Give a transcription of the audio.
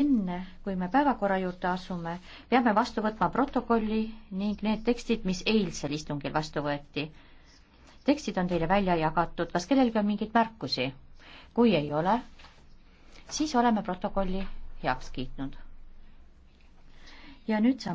enne, kui me päevakorra juurde asume, peame vastu võtma protokolli ning need tekstid, mis eilsel istungil vastu võeti. tekstid on teile välja jagatud, kas kellelgi on mingeid märkusi? kui ei ole, siis oleme protokolli heaks kiitnud. ja nüüd saame